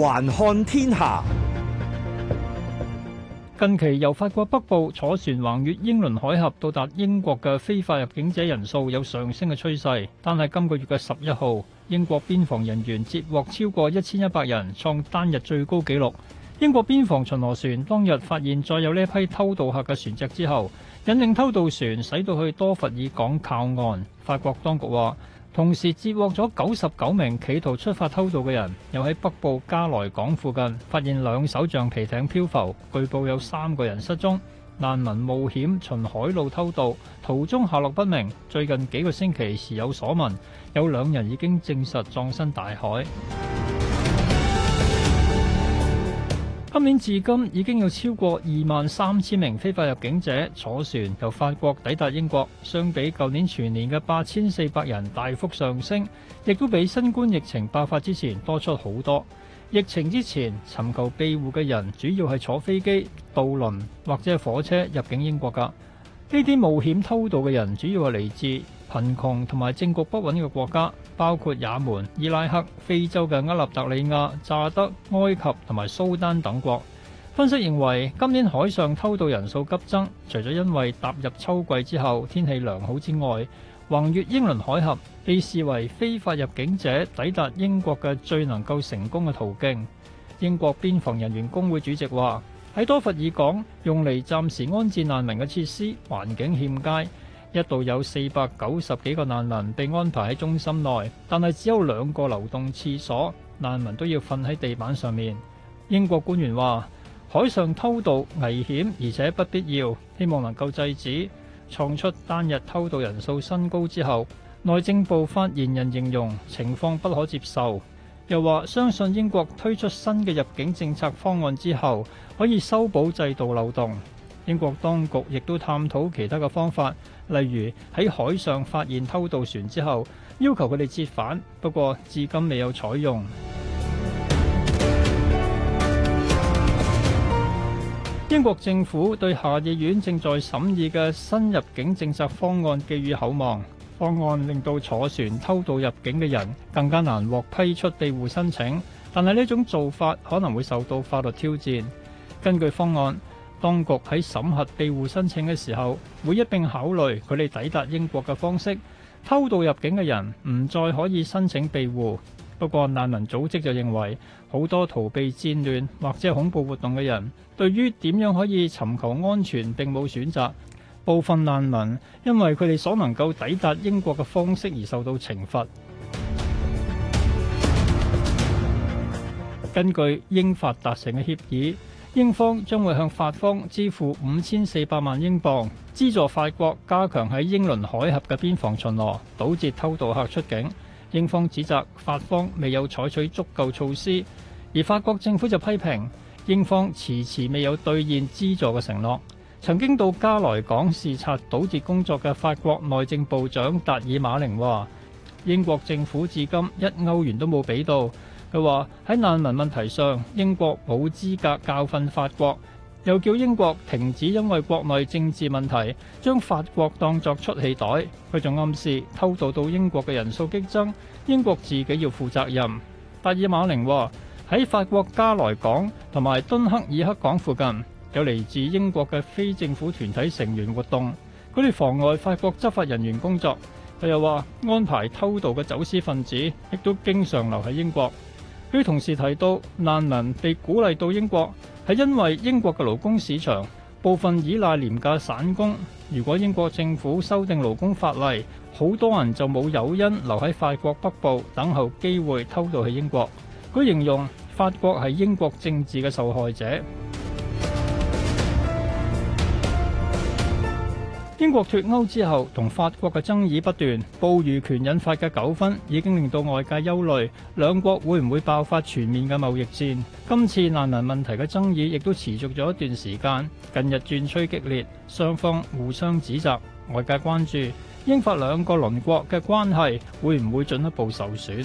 環看天下，近期由法國北部坐船橫越英倫海峽到達英國嘅非法入境者人數有上升嘅趨勢，但係今個月嘅十一號，英國邊防人員截獲超過一千一百人，創單日最高紀錄。英國邊防巡邏船當日發現再有呢一批偷渡客嘅船隻之後，引領偷渡船駛到去多佛爾港靠岸。法國當局話。同時截獲咗九十九名企圖出發偷渡嘅人，又喺北部加萊港附近發現兩艘橡皮艇漂浮，據報有三個人失蹤。難民冒險循海路偷渡，途中下落不明。最近幾個星期時有所聞，有兩人已經證實葬身大海。 今年至今已經有超過二萬三千名非法入境者坐船由法國抵達英國，相比舊年全年嘅八千四百人大幅上升，亦都比新冠疫情爆發之前多出好多。疫情之前尋求庇護嘅人主要係坐飛機、渡輪或者火車入境英國㗎。呢啲冒險偷渡嘅人主要係嚟自貧窮同埋政局不穩嘅國家，包括也門、伊拉克、非洲嘅厄立特里亞、乍得、埃及同埋蘇丹等國。分析認為，今年海上偷渡人數急增，除咗因為踏入秋季之後天氣良好之外，橫越英倫海峽被視為非法入境者抵達英國嘅最能夠成功嘅途徑。英國邊防人員工會主席話。喺多佛爾港用嚟暫時安置難民嘅設施環境欠佳，一度有四百九十幾個難民被安排喺中心內，但係只有兩個流動廁所，難民都要瞓喺地板上面。英國官員話：海上偷渡危險，而且不必要，希望能夠制止。創出單日偷渡人數新高之後，內政部發言人形容情況不可接受。又話相信英國推出新嘅入境政策方案之後，可以修補制度漏洞。英國當局亦都探討其他嘅方法，例如喺海上發現偷渡船之後，要求佢哋折返，不過至今未有採用。 英國政府對下議院正在審議嘅新入境政策方案寄予厚望。方案令到坐船偷渡入境嘅人更加難獲批出庇護申請，但係呢種做法可能會受到法律挑戰。根據方案，當局喺審核庇護申請嘅時候，會一併考慮佢哋抵達英國嘅方式。偷渡入境嘅人唔再可以申請庇護。不過難民組織就認為，好多逃避戰亂或者恐怖活動嘅人，對於點樣可以尋求安全並冇選擇。部分難民因為佢哋所能夠抵達英國嘅方式而受到懲罰。根據英法達成嘅協議，英方將會向法方支付五千四百萬英鎊，資助法國加強喺英倫海峽嘅邊防巡邏，堵截偷渡客出境。英方指責法方未有採取足夠措施，而法國政府就批評英方遲遲未有兌現資助嘅承諾。曾經到加來港視察堵截工作嘅法國內政部長達爾馬寧話：英國政府至今一歐元都冇俾到。佢話喺難民問題上，英國冇資格教訓法國，又叫英國停止因為國內政治問題將法國當作出氣袋。佢仲暗示偷渡到英國嘅人數激增，英國自己要負責任。達爾馬寧話喺法國加來港同埋敦克爾克港附近。有嚟自英國嘅非政府團體成員活動，佢哋妨礙法國執法人員工作。佢又話安排偷渡嘅走私分子，亦都經常留喺英國。佢同時提到難民被鼓勵到英國，係因為英國嘅勞工市場部分倚賴廉價散工。如果英國政府修訂勞工法例，好多人就冇誘因留喺法國北部等候機會偷渡去英國。佢形容法國係英國政治嘅受害者。英國脱歐之後，同法國嘅爭議不斷，捕魚權引發嘅糾紛已經令到外界憂慮，兩國會唔會爆發全面嘅貿易戰？今次難民問題嘅爭議亦都持續咗一段時間，近日轉趨激烈，雙方互相指責，外界關注英法兩個鄰國嘅關係會唔會進一步受損。